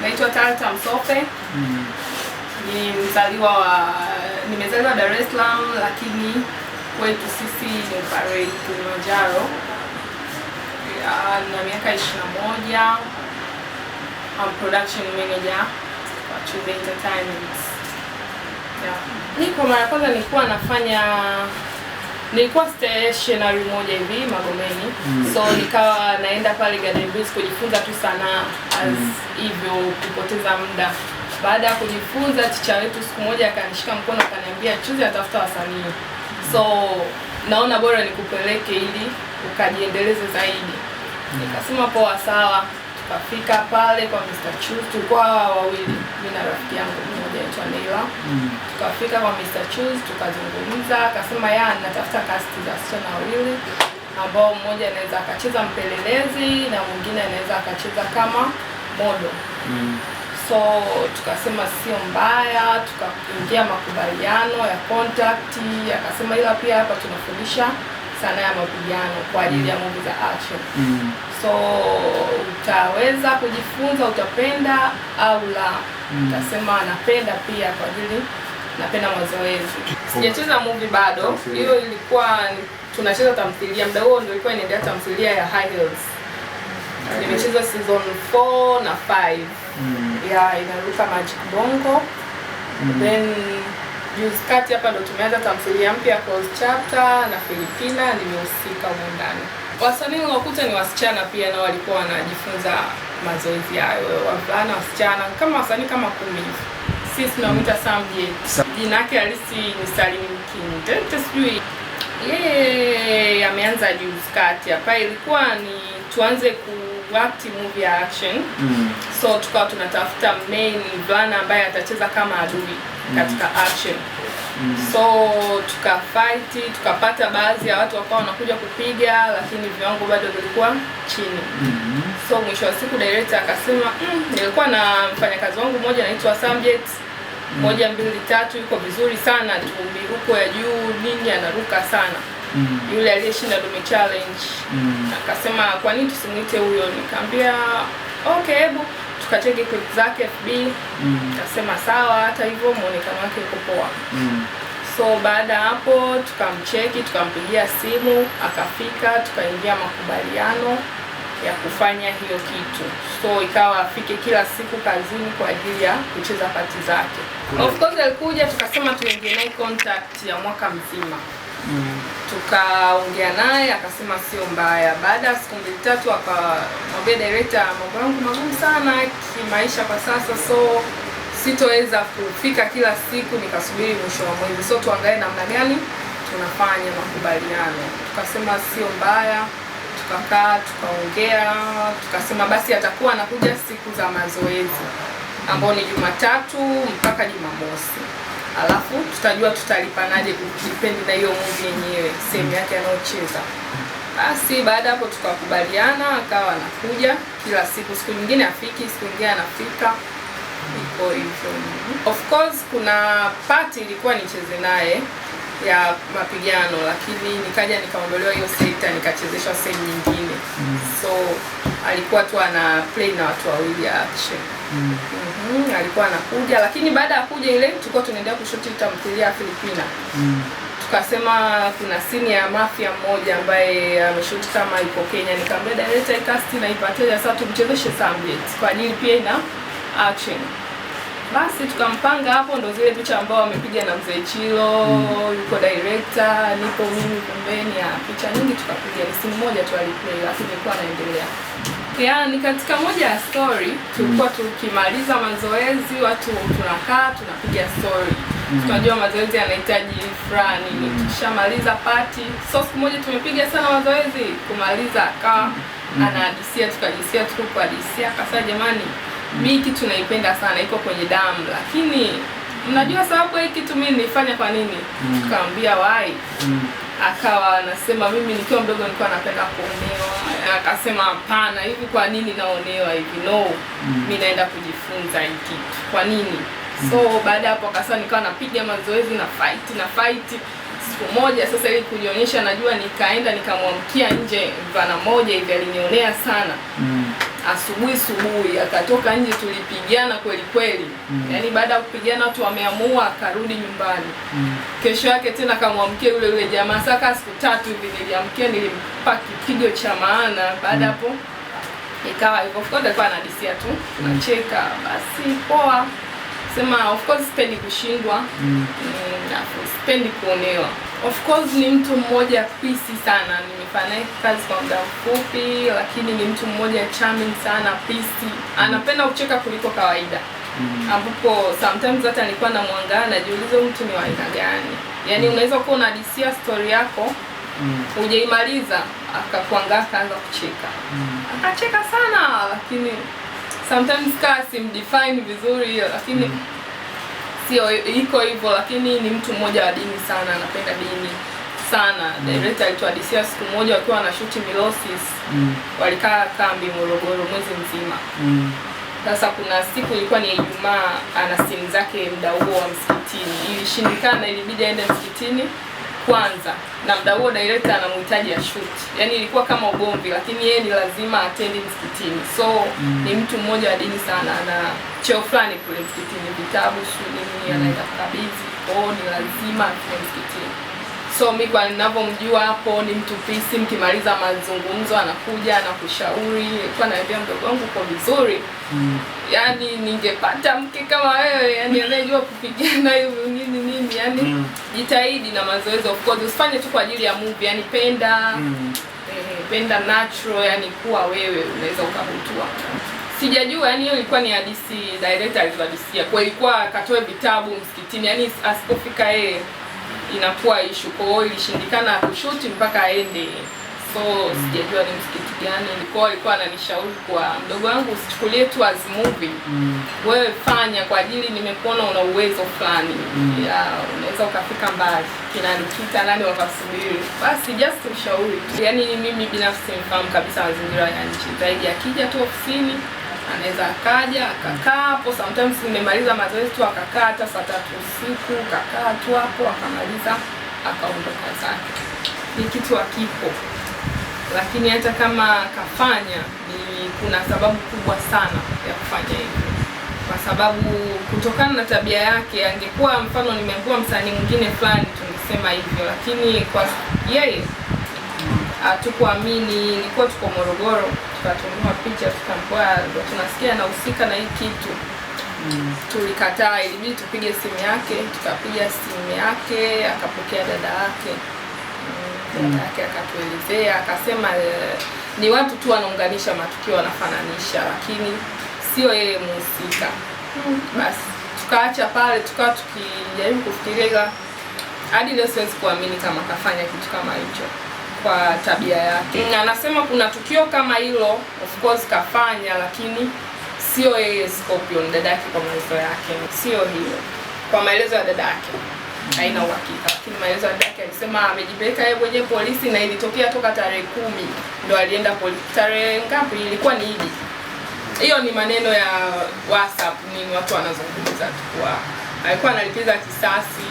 Naitwa Talta Msofe. Mm. Ni mzaliwa wa nimezaliwa Dar es Salaam lakini kwetu sisi ni Parei Kilimanjaro. Na miaka 21. I'm production manager wa Chuve Entertainment. Yeah. Niko mara kwanza nilikuwa nafanya nilikuwa stationary moja hivi Magomeni mm. so nikawa naenda pale Garden Breeze kujifunza tu sanaa as mm. hivyo kupoteza muda. Baada ya kujifunza, ticha wetu siku moja akanishika mkono akaniambia, Chuzi atafuta wasanii, so naona bora nikupeleke ili ukajiendeleze zaidi. Mm. Nikasema poa, sawa. Tukafika pale kwa Mr. Chu, tulikuwa wawili, mimi na rafiki yangu mmoja aitwa Neila. Mm. Tukafika kwa Mr. Chu tukazungumza, akasema ya natafuta cast za wasichana wawili ambao mmoja anaweza akacheza mpelelezi na mwingine anaweza akacheza kama modo. Mm. So tukasema sio mbaya, tukaingia makubaliano ya contact. Akasema ila pia hapa tunafundisha sanaa ya mapigano kwa ajili ya mm. movie za action. Mm so utaweza kujifunza, utapenda au la. Mm. Utasema napenda pia kwa ajili napenda mazoezi. Sijacheza movie bado, hiyo ilikuwa tunacheza tamthilia, muda huo ndio ilikuwa inaendea tamthilia ya High Heels. Nimecheza season 4 na 5. Mm. Ya inaruka Magic Bongo. Mm. Then juzi kati hapa ndo tumeanza tamthilia mpya Cross Chapter na Filipina, nimehusika huko ndani wasanii wakuta ni wasichana pia na walikuwa wanajifunza mazoezi hayo, wavulana wasichana, kama wasanii kama kumi hivi. Sisi tunamwita Sam jina yake halisi ni Salim Kindete, sijui yeye ameanza juzi kati hapa. Ilikuwa ni tuanze kuact movie ya action mm. so tukawa tunatafuta main mvulana ambaye atacheza kama adui mm. katika mm mm. So tukafight, tukapata baadhi ya watu wakawa wanakuja kupiga, lakini viwango bado vilikuwa chini mm. So mwisho wa siku director akasema mm, nilikuwa na mfanyakazi wangu mmoja anaitwa Samjet mhm. moja mbili tatu, yuko vizuri sana tu, miruko ya juu nini, anaruka sana mm. Yule aliyeshinda Dume Challenge mm. Akasema kwa nini tusimuite huyo? Nikamwambia okay, hebu tukacheki clip zake FB mm. Kasema sawa, hata hivyo muonekano wake uko poa mm. So baada ya hapo tukamcheki, tukampigia simu akafika, tukaingia makubaliano ya kufanya hiyo kitu. So ikawa afike kila siku kazini kwa ajili ya kucheza pati zake. Of course alikuja, tukasema tuingie naye contact ya mwaka mzima. Tukaongea naye akasema sio mbaya. Baada ya siku mbili tatu, akamwambia director, mambo yangu magumu sana kimaisha kwa sasa, so sitoweza kufika kila siku, nikasubiri mwisho wa mwezi, so tuangalie namna gani tunafanya makubaliano. Tukasema sio mbaya, tukakaa tukaongea, tukasema basi atakuwa anakuja siku za mazoezi ambao ni Jumatatu mpaka Jumamosi, alafu tutajua tutalipanaje kipindi na hiyo movie yenyewe sehemu yake anayocheza. Basi baada hapo tukakubaliana, akawa anakuja kila siku, siku nyingine afiki, siku nyingine anafika iko hivyo. Of course kuna party ilikuwa nicheze naye ya mapigano, lakini nikaja nikaondolewa hiyo sekta, nikachezeshwa sehemu nyingine mm. so alikuwa tu ana play na watu wawili actually. Mm. Mm -hmm, alikuwa anakuja lakini baada ya kuja ile tulikuwa tunaendelea kushoti tamthilia ya Filipina. Mm. Tukasema kuna scene ya mafia mmoja ambaye ameshuti kama yuko Kenya, nikamwambia director cast na ipatie sasa tumchezeshe Samjet kwa ajili pia ina action. Basi tukampanga hapo, ndo zile picha ambao wamepiga na mzee Chilo mm. yuko director, nipo mimi pembeni ya picha nyingi tukapiga. Ni simu moja tu aliplay, lakini ilikuwa anaendelea Yeah, ni katika moja ya story tulikuwa mm. tukimaliza mazoezi, watu tunakaa tunapiga story mm. Tunajua mazoezi yanahitaji furaha nini, mm. tukishamaliza party. So siku moja tumepiga sana mazoezi, kumaliza akawa mm. anahadisia, tukajisia, tukukuhadisia akasema, jamani, mm. mi kitu naipenda sana iko kwenye damu, lakini unajua sababu hii kitu mimi nilifanya kwa nini? Tukaambia wai mm. Akawa anasema mimi nikiwa mdogo nilikuwa napenda kuonewa akasema hapana, hivi kwa nini naonewa hivi? No, mm. mi naenda kujifunza hii kitu kwa nini? mm. So baada ya hapo akasema, nikawa napiga mazoezi na fight na fight siku moja sasa, ili kujionyesha najua, nikaenda nikamwamkia nje mvana moja hivi alinionea sana mm asubuhi subuhi akatoka nje, tulipigana kweli kweli mm. Yaani baada ya kupigana watu wameamua, akarudi nyumbani mm. Kesho yake tena kamwamkia yule yule jamaa, saka siku tatu hivi niliamkia, nilimpa kipigo cha maana. Baada mm. hapo mm. ikawa hivyo, of course alikuwa anadisia tu mm. nacheka basi poa, sema of course sipendi kushindwa mm. mm, sipendi kuonewa Of course ni mtu mmoja pisi sana, nimefanya kazi kwa muda mfupi, lakini ni mtu mmoja charming sana, pisi, anapenda kucheka kuliko kawaida mm. ambapo sometimes hata nilikuwa namwangaa najiuliza mtu ni wa aina gani? Yaani mm. unaweza kuwa unadisia story yako mm. Mm-hmm. ujaimaliza, akakuangaa akaanza kucheka mm. akacheka sana, lakini sometimes kaa simdefine vizuri hiyo lakini mm sio iko hivyo, lakini ni mtu mmoja wa dini sana, anapenda dini sana mm. Director alitoa DC siku moja wakiwa wanashuti Milosis mm. walikaa kambi Morogoro mwezi mzima mm. Sasa kuna siku ilikuwa ni Ijumaa, ana simu zake muda huo wa msikitini, ilishindikana, ilibidi aende msikitini kwanza na mda huo director anamhitaji ashuti, yaani ilikuwa kama ugomvi, lakini yeye ni lazima atendi msikitini. So mm. ni mtu mmoja wa dini sana, ana cheo fulani kule msikitini, vitabu shule nini mm. anaenda kukabidhi, kwao ni lazima aende msikitini. So mi kwa ninavyomjua hapo ni mtu pisi, mkimaliza mazungumzo anakuja anakushauri. Kwa naambia mdogo wangu uko vizuri mm. yaani ningepata mke kama wewe, yaani anayejua kupigana hivi nini mimi yani mm. Jitahidi na mazoezi of course, usifanye tu kwa ajili ya movie yani penda mm. eh, penda natural yani kuwa wewe unaweza ukavutua. Sijajua yani hiyo ilikuwa ni hadithi director alivyohadisia, kwa ilikuwa akatoe vitabu msikitini yani asipofika yeye inakuwa issue, kwa hiyo ilishindikana kushuti mpaka aende so sijajua ni mskiti gani. Kwa alikuwa ananishauri kwa mdogo wangu, usichukulie tu as movie mm. Wewe fanya kwa ajili, nimekuona una uwezo fulani mm. yeah, unaweza ukafika mbali, kina Nikita nani wakasubiri, basi just ushauri tu. Yani mimi binafsi simfahamu kabisa mazingira ya nchi zaidi, akija tu ofisini anaweza akaja akakaa hapo. Sometimes nimemaliza mazoezi tu akakaa hata saa tatu usiku kakaa tu hapo akamaliza akaondoka zake, ni kitu akipo lakini hata kama kafanya ni kuna sababu kubwa sana ya kufanya hivyo, kwa sababu kutokana na tabia yake, angekuwa mfano nimekuwa msanii mwingine fulani tungesema hivyo, lakini kwa yeye hatukuamini. Ilikuwa tuko Morogoro, tukatumiwa picha, tukampoa ndo tunasikia anahusika na hii kitu Mm. Tulikataa, ilibidi tupige simu yake, tukapiga simu yake, akapokea dada yake yake mm. akatuelezea, akasema eh, ni watu tu wanaunganisha matukio wanafananisha, lakini sio yeye mhusika. Mm. Basi tukaacha pale, tukawa tukijaribu kufikiria. Hadi leo siwezi kuamini kama kafanya kitu kama hicho kwa tabia yake. Mm. Anasema kuna tukio kama hilo, of course kafanya, lakini sio yeye Scorpion, dada yake, kwa maelezo yake, sio hilo, kwa maelezo ya dada yake haina uhakika. Lakini maelezo ya dadake alisema amejipeleka yeye mwenyewe polisi na ilitokea toka tarehe kumi ndo alienda polisi. Tarehe ngapi ilikuwa ni Idi. Hiyo ni maneno ya WhatsApp ni watu wanazungumza tu. Alikuwa analipiza kisasi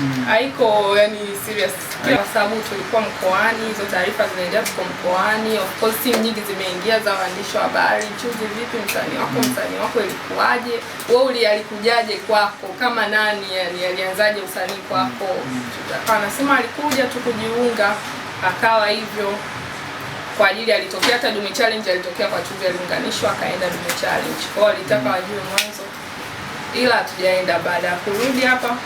mm. haiko yani serious. Kwa sababu tulikuwa mkoani, hizo taarifa zinaendea tuko mkoani, of course timu nyingi zimeingia za waandishi wa habari, chuzi vipi, msanii wako mm. msanii wako ilikuwaje, wewe uli alikujaje kwako, kama nani yani alianzaje usanii kwako? mm. mm. Anasema alikuja tu kujiunga, akawa hivyo kwa ajili alitokea hata Dume Challenge, alitokea kwa chuzi, aliunganishwa akaenda Dume Challenge kwao, alitaka mm. wajue mwanzo, ila hatujaenda. Baada ya kurudi hapa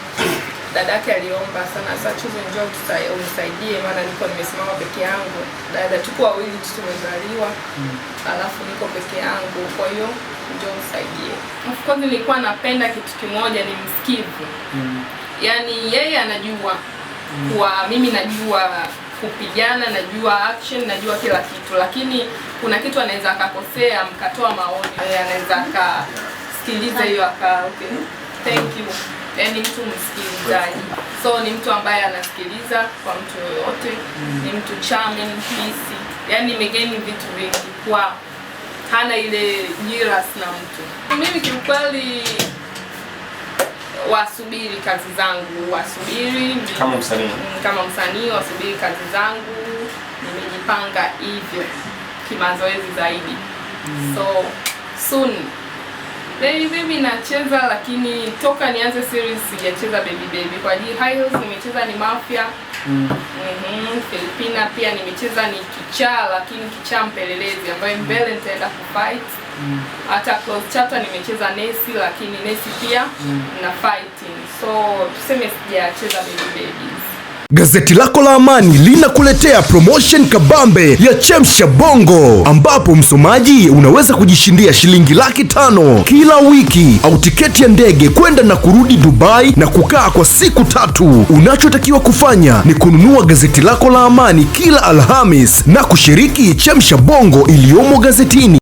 dadake aliomba sana, sasa Chuzu, njoo unisaidie, maana niko nimesimama peke yangu, dada tuko wawili tu tumezaliwa, mm. alafu niko peke yangu, kwa hiyo njoo msaidie. Of course nilikuwa napenda kitu kimoja, ni msikivu mm. yaani yeye anajua mm. kuwa mimi najua kupigana, najua action, najua kila kitu, lakini kuna kitu anaweza akakosea, mkatoa maoni, anaweza akasikiliza hiyo aka okay. Thank you yani mtu msikilizaji, so ni mtu ambaye anasikiliza kwa mtu yoyote ni mm. mtu charming, peace, yani imegeni vitu vingi kwa hana ile jiras na mtu. Mimi kiukweli wasubiri kazi zangu, wasubiri kama msanii, mm, kama msanii wasubiri kazi zangu. Nimejipanga hivyo kimazoezi zaidi, mm. so soon Baby Baby nacheza, lakini toka nianze series sijacheza Baby Baby. Kwa hiyo High Heels nimecheza ni Mafia mm. Mm-hmm. Filipina pia nimecheza ni kichaa, lakini kichaa mpelelezi ambaye mm. mbele nitaenda kufight mm. Hata Close Chapter nimecheza Nesi, lakini Nesi pia mm. na fighting, so tuseme sijacheza Baby Baby. Gazeti lako la Amani linakuletea promotion kabambe ya Chemsha Bongo, ambapo msomaji unaweza kujishindia shilingi laki tano kila wiki au tiketi ya ndege kwenda na kurudi Dubai na kukaa kwa siku tatu. Unachotakiwa kufanya ni kununua gazeti lako la Amani kila Alhamis na kushiriki Chemsha Bongo iliyomo gazetini.